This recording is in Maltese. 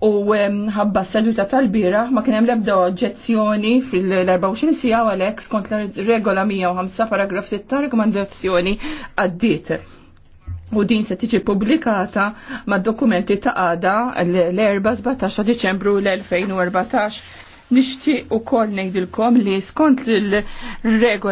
u ħabba s-seduta tal-bira ma kienem lebda oġġezzjoni fil-24 sija għalek skont regola 105 paragraf 6 rekomandazzjoni għaddit. U din se tiġi publikata ma' dokumenti ta' għada l-4 Deċembru l-2014. Nixtieq ukoll ngħidilkom li skont l regola